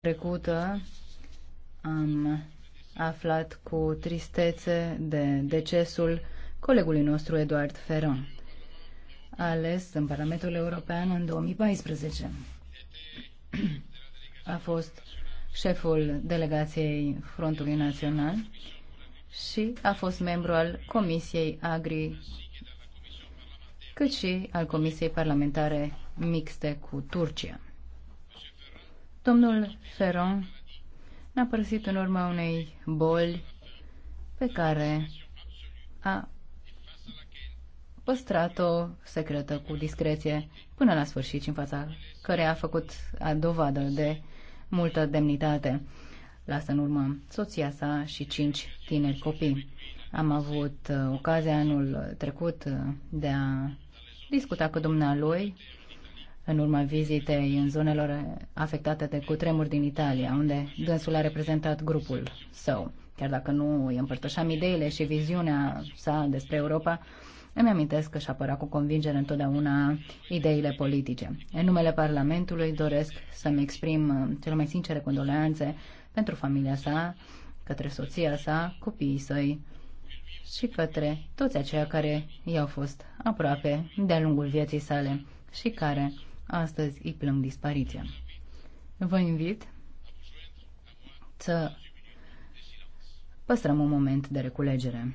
trecută am aflat cu tristețe de decesul colegului nostru Eduard Ferron, ales în Parlamentul European în 2014. A fost șeful delegației Frontului Național și a fost membru al Comisiei Agri, cât și al Comisiei Parlamentare Mixte cu Turcia. Domnul Ferron a părăsit în urma unei boli pe care a păstrat-o secretă cu discreție până la sfârșit în fața care a făcut a dovadă de multă demnitate. Lasă în urmă soția sa și cinci tineri copii. Am avut uh, ocazia anul trecut uh, de a discuta cu dumnealui în urma vizitei în zonelor afectate de cutremuri din Italia, unde dânsul a reprezentat grupul său. Chiar dacă nu îi împărtășeam ideile și viziunea sa despre Europa, îmi amintesc că și apăra cu convingere întotdeauna ideile politice. În numele Parlamentului doresc să-mi exprim uh, cele mai sincere condoleanțe pentru familia sa, către soția sa, copiii săi și către toți aceia care i-au fost aproape de-a lungul vieții sale și care Astăzi îi plâng dispariția. Vă invit să păstrăm un moment de reculegere.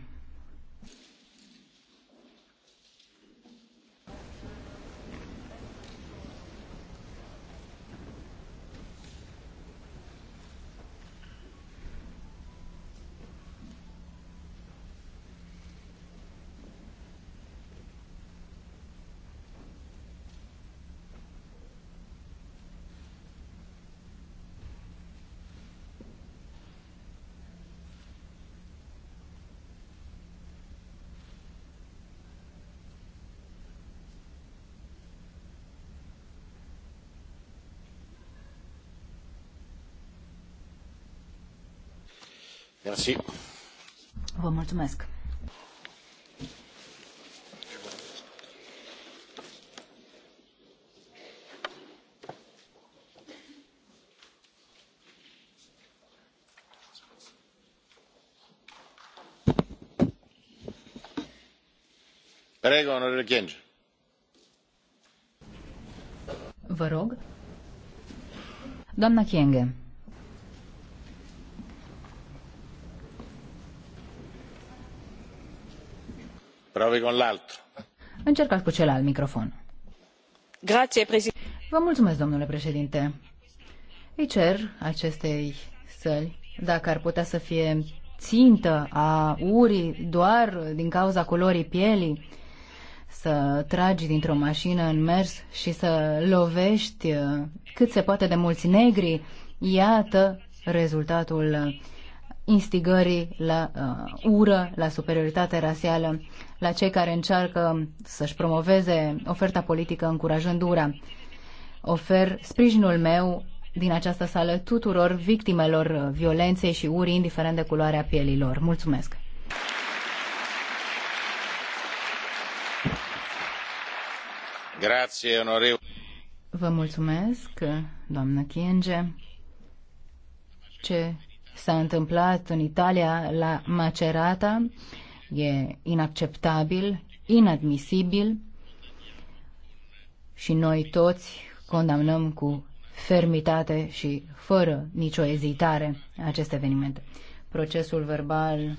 Merci. Vă mulțumesc. Vă rog. Doamna Chienghe. Încercați cu celălalt microfon. Vă mulțumesc, domnule președinte. Îi cer acestei săli dacă ar putea să fie țintă a urii doar din cauza culorii pielii, să tragi dintr-o mașină în mers și să lovești cât se poate de mulți negri, iată rezultatul instigării la uh, ură, la superioritate rasială, la cei care încearcă să-și promoveze oferta politică încurajând ura. Ofer sprijinul meu din această sală tuturor victimelor violenței și urii, indiferent de culoarea pielilor. Mulțumesc! Grazie, onoriu. Vă mulțumesc, doamnă Chienge. Ce s-a întâmplat în Italia la Macerata e inacceptabil, inadmisibil și noi toți condamnăm cu fermitate și fără nicio ezitare acest eveniment. Procesul verbal